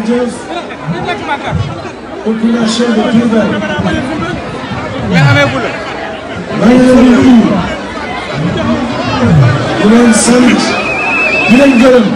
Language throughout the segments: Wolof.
jërëjëf population de Diourbel. maa ngi leen di nuyu. di leen sant di leen gërëm.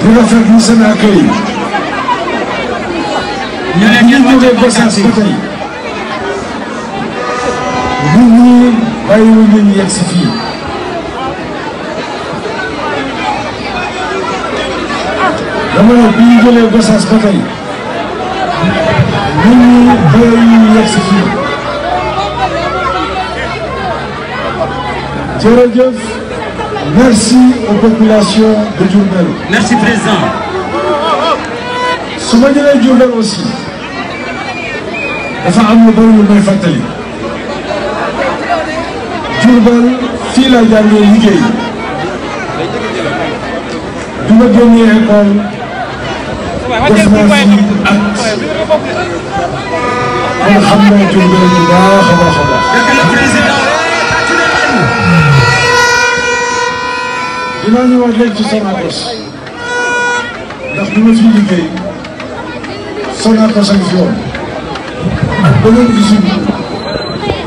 di rafetlu seen accueil. ñun ñu ngi jógee Gossas ba tey. nit ñi bàyyiwul ñu yegg si fii. dama ne bi ñu jëlee Gossas ba tey nit ñi bëre ñu yegg si fii jërëjëf merci aux populations de Diourbel. su ma jëlee Diourbel aussi dafa am lu bëri lu may fàttali. Diourbel fii la jàngee liggéey. bi ma génnee école. Ousmane Sy ak kon xam naa tur bi bu baax a baax a baax. dinaa ñëwaat léegi ci Sonacos ndax bi ma fi liggéey Sonacos ak fi woon ba léegi gisuñu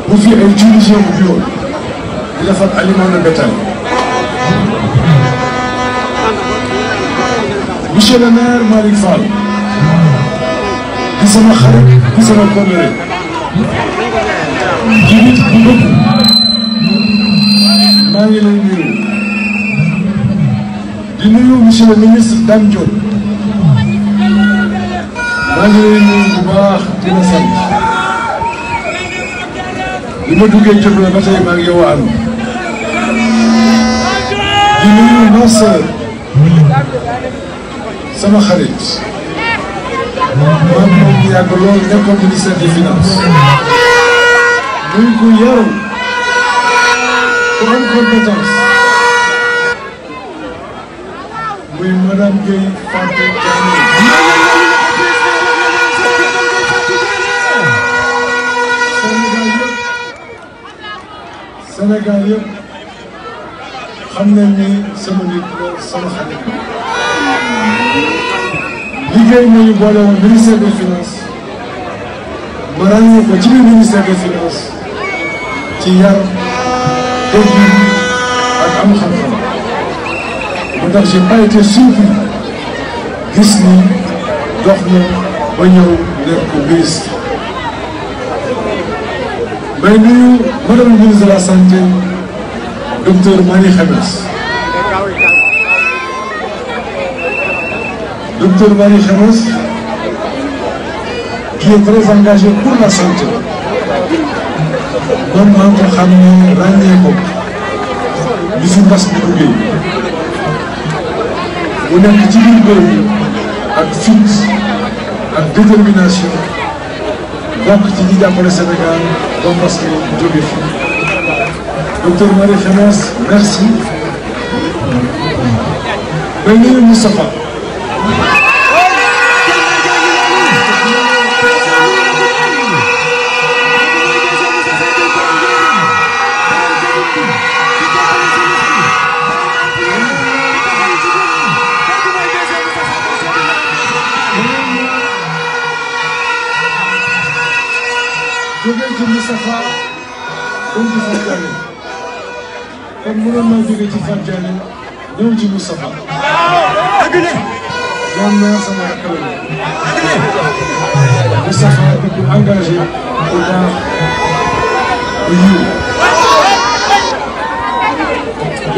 bu fi ay tunisien bu fi woon di defar aliment de bétail. monsieur le maire Malick Fall di sama xarit di sama kóllëre di nit bu bëgg maa ngi lay nuyu di nuyu monsieur le ministre Dame Diop maa ngi lay nuyu bu baax di la sant li ma duggee Diourbel ba tey maa ngi yow a ànd di nuyu ma sœur sama xarit moom moom yàgg loolu nekkoon ministère des finances muy ku yaru ku am compétence muy madame Guèye Fatou Diagne Sénégal yëpp xam nañ ni sama nit la sama xarit liggéey bi ñu boole woon ministère des finances ma ràññee ko ci biir ministère ci yar déglu ak am xam-xam ba tax j'ai pas été surpris ni dox na ba ñëw nekk ministre. may nuyu ministre la santé docteur Marie Khemesse. Docteur Marie Khémesse, qui est très engagé pour la santé. kon maa ko xam ne ràññee ko bi si mbas bi duggee mu nekk ci biir bërëb bi ak détermination bokk ci ñi jàppale Marie Khémesse merci. Benni Moustapha ci Moustapha um ci Fat Diagne kon mënoon naa jóge ci Fat Diagne ñëw ci Moustapha moom naa sama rakk la Moustapha di ko engagé bu baax bu yiw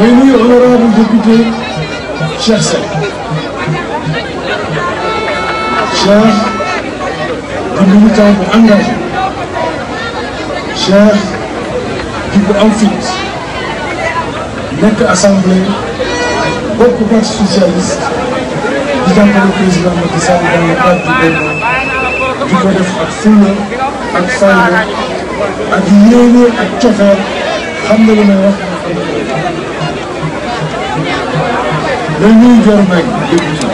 may nuyu honorable député Cheikh Seck Cheikh di militant bu engagé Cheikh di bu am fit nekk assemblée bokk parti di jàppale président Macky Sall dans le cadre du Benno di ko def ak fulla ak fayda ak ak cofeel xam nga li may wax. dañ ñuy jor may député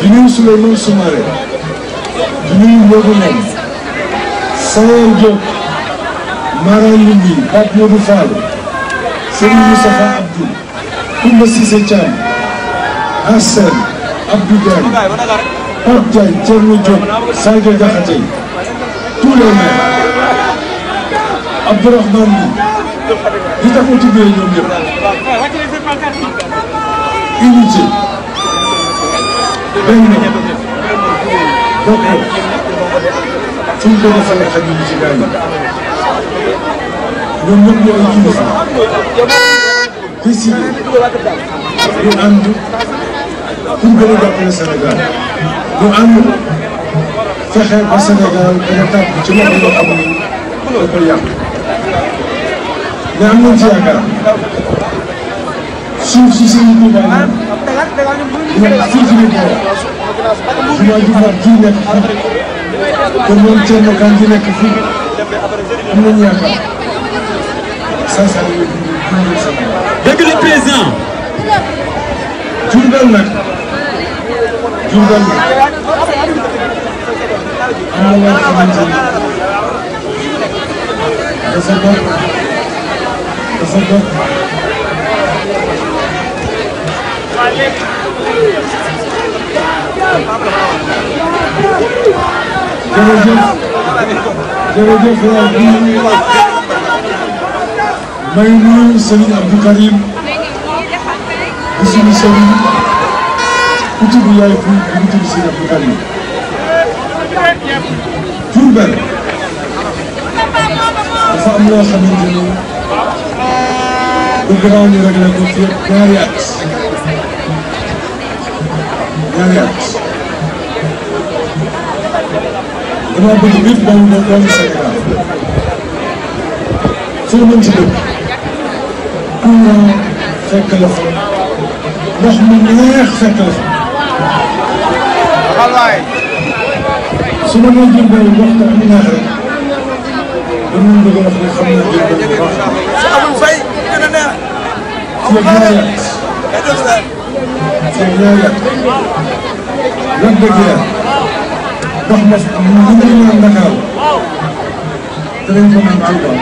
di nuyu Souleymane Soumaré di nuyu Ndiogou Mara Ndindi Pape Modou Fall Serigne Moustapha Abdou Koumba Cissé Thiam Hassan Abdou Diagne Pape Diagne Thierno Diop Sadio Diakhaté tous les maires Abdourahmane Li li tax ma tuddee ñoom ñëpp unité benn bopp fu ñu ko defalee yi ci gaañ ñoom ñëpp ñoo ngi kilifa décidé ñu ànd pour gën a fexe ba Sénégal dana tàgg ci loxo suuf si seen i tubaab yi ñu nekk fii ci biir Kaolack. jumaa ju mag ji nekk fii. moom Thierno Kane ji nekk am nañu yaakaar sincèrement yooyu dëgg la président. Diourbel nag Diourbel nag am na loo xamante ni dafa bokk dafa bokk Thank you. jërëjëf jërëjëf may nuyu Serigne Abdou Karim di suñu Serigne ku tudd yaay bu bu tudd Serigne Abdou Karim tur benn bu gënaaw ñu réglé ko fii damaa bëgg lépp daal di daal di Sénégal foo mën ci dëkk am na fekk la fa ndox mu neex fekk la fa. su ma nee jëndee ndox te am ñaar rek dama mën bëgg a wax ne xam naa jëndee bu baax la. fii ak ñaar yàq. fii ak ñaar yàq. dox mos am lu mel ni mën a Dakar danañ ko mën a encore.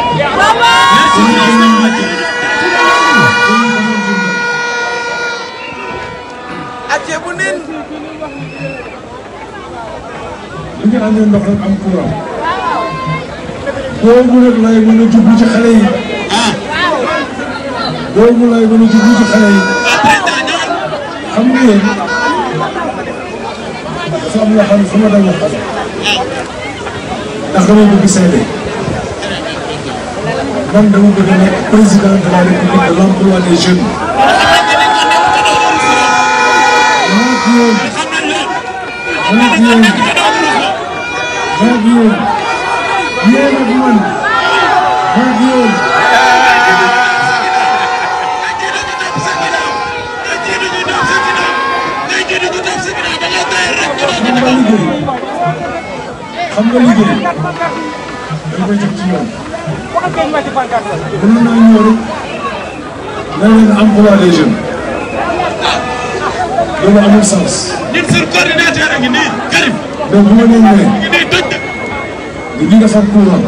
li nga amee ndox rek am courant. boobu nag lay mën a jublu ci xale yi. Ah. boobu lay mën a jublu ci xale yi. xam nga yéen. dafa am yoo xam ne fu ma doon waxee ndax dama bëgg seede man dama bëgg nekk président de la république de l'emploi des jeunes. vingt yéen vingt yéen vingt yéen yéen ak man vingt yéen. nga liggéey xam nga liggéey dañ koy teg ci yoon. mënoon naa ñëw rek na leen emploi des jeunes loolu amul sens. ñun suñu coordinateur a ngi nii Karim. donc bu ma leen nee. ñu ngi nii tëj de. dañuy defar courant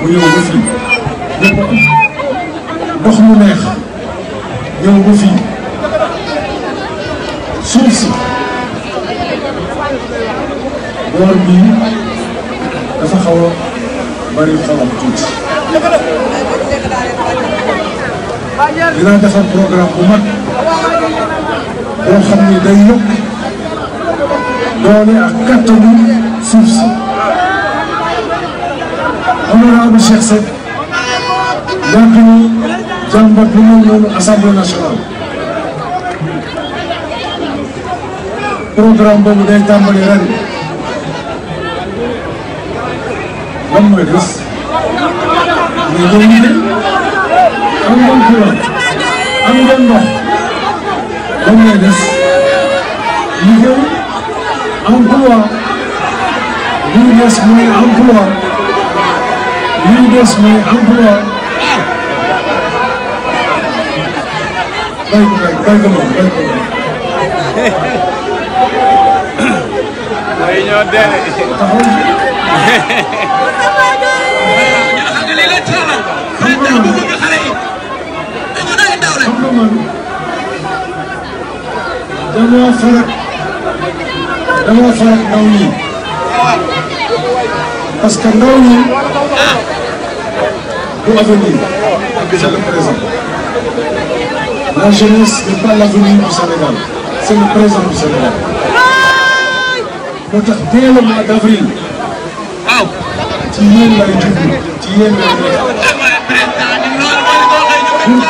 mu ñëw ba fii lépp ndox mu neex ñëw ba fii suuf si. boor bii dafa xaw a bari xolam tuuti. dinaa defar bu mag boo xam ni day yokk doole ak kattanu suuf si. honorable Cheikh Seck yàgg ñu jàmbat lu mel noonu assemblée nationale. day tàmbali ren. ban mooy bés mais ñoom ñu ne am ngeen courant am ngeen ndox ban mooy bés liggéey emploi li ñu des mooy emploi li ñu des mooy emploi bay ko bay bay ko moom bay ko moom yi ñoo dee dañoo faral dañoo faral ndaw ñi parce que ndaw ñi du avenir c'est le présent la jeunesse n'est pas l'avenir du Sénégal c'est le présent du Sénégal moo tax dès le mois d' avril waaw ci yéen lay jublu ci yéen lay jublu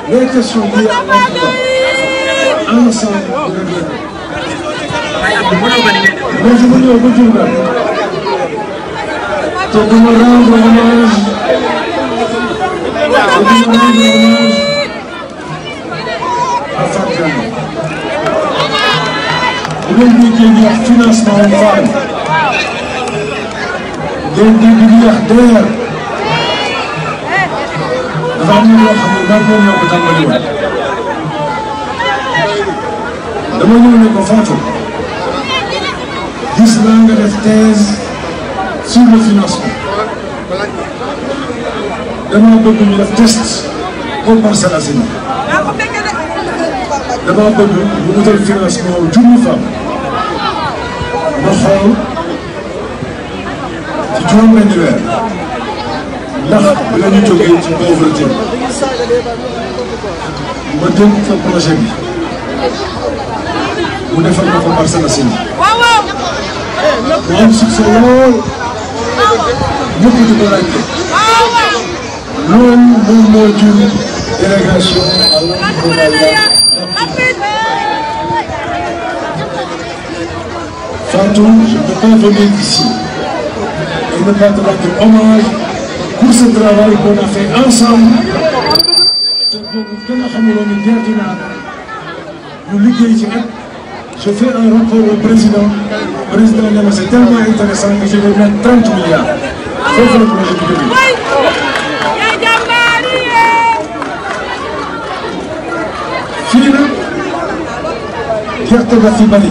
pour que les questions liées à l'emploi ensemble mais dama ñëw ba Diourbel te dama rendre hommage te dama rendre hommage à Fatou léegi liggéey bi wax financement bu baax la léegi bi ñuy wax DER dafa am loo xam ne ban moom ñoo ko tàmbali dama ñëw ne ko Fatou gis naa nga def thèse sur le financement dama bëgg ñu def test pour Parcelles Assainies dama bëgg ñu utal financement mu xool ci juróom weer ndax bi la ñu jógee ci pauvreté ma dégg fa projet bi mu defal ko fa Parcelles Assainies mu am succès lool ñëpp di ko ràññee loolu moom moo jur délégation à Fatou, je ne peux pas venir ici et ne pas te rendre hommage pour ce travail qu'on a fait ensemble te boobu kenn xamuloon ni deer dinaa ñu liggéey ci at je fais un rapport au président président ne ma c'est tellement intéressant que je vais mettre 30 milliards foofu la projet bi jógee fii nag gerte daf fi bari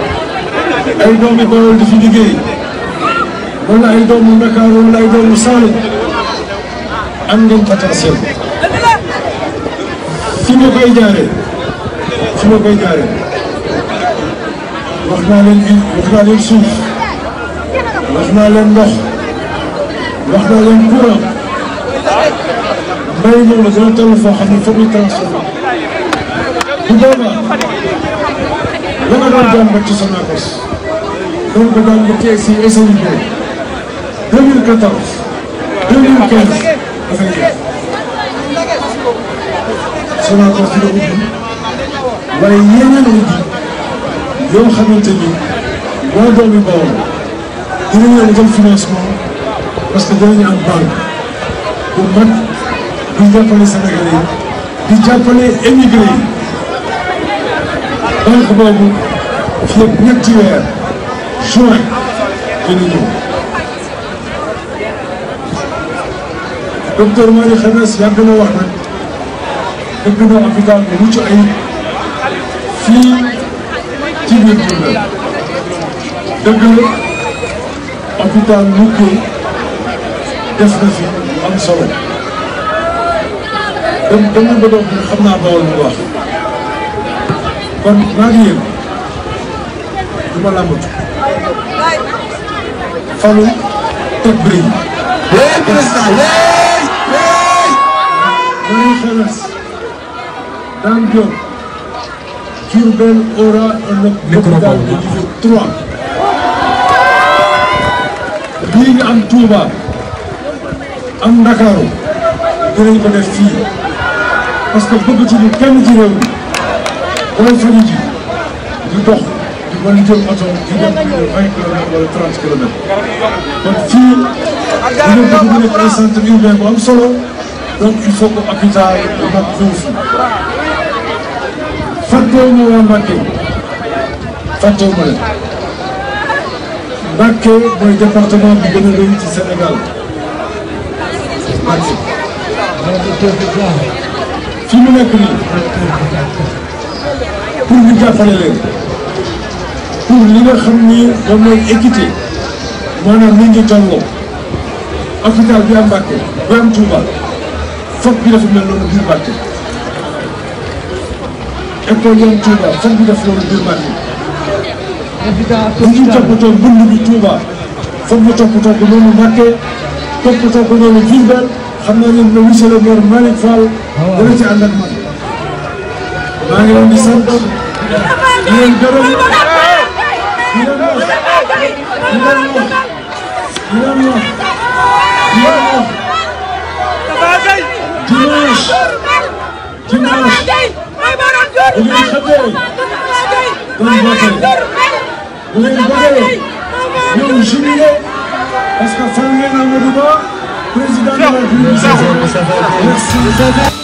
ay doomu Bawol di fi liggéey wala ay doomu Ndakaaru wala ay doomu Saalum am ngeen potentiel fi ma koy jaaree fi ma koy jaaree wax naa leen huile wax naa leen suuf wax naa leen ndox wax naa leen courant mbay moom la gën a toll foo xam ne foog ñu transformé bu boobaa la nga doon jàmbat ci Sonacos donc donc bu tees yi SNUP 2014 2015 avec Sonacos dina ubbi waaye yeneen ubbi yoo xamante ni waa doomi Bawol dinañu wutal financement parce que dinañu am banque bu mag di jàppale Sénégalais yi di jàppale émigré yi banque boobu fii ak ñetti juin dina ñëw docteur Marie Khemesse yàgg na wax nag dëgg na hôpital bu mucc ayib fii ci biir Diourbel dëgg la hôpital Mouké def na fi am solo dem dama ba doon xam naa bawal bu baax kon maa ngi yéen du ma làmbatu famille tout brille. oui président oui oui. Marie Khemesse Dame Diop Diourbel aura un hôpital de niveau 3. lii ñu am Touba am Ndakaaru dinañ ko def fii parce que bëgg ci ni kenn ci réew mi booy fari ji di dox. mën a jël oto di dem vingt kilomètres wala trente kilomètres kon fii dañoo bëgg mu nekk un centre urbain bu am solo donc il faut que hôpital bu mag ñëw fi fàttewuma waa Mbacké fàttewuma leen Mbacké mooy département bi gën a rëy ci Sénégal Mbacké fi mu nekk nii pour ñu jàppale leen li nga xam ni moom mooy équité maanaam ni ngi jàngoo hôpital bi am Mbàkke bi am Touba foog bi dafa mel noonu biir Mbàkke école yi am Touba bi def loolu biir Mbàkke bu ñuy toppatoo mbënd bi Touba foog mu toppatoo ko noonu Mbàkke toppatoo ko noonu Diourbel xam naa ne le monsieur le maire Malick Fall maa ngi di sant di leen dimanche dimanche bu ngeen xëppee doon voté bu ngeen voté ñëw jubile parce que fan ngeen Amadou Ba président de la République merci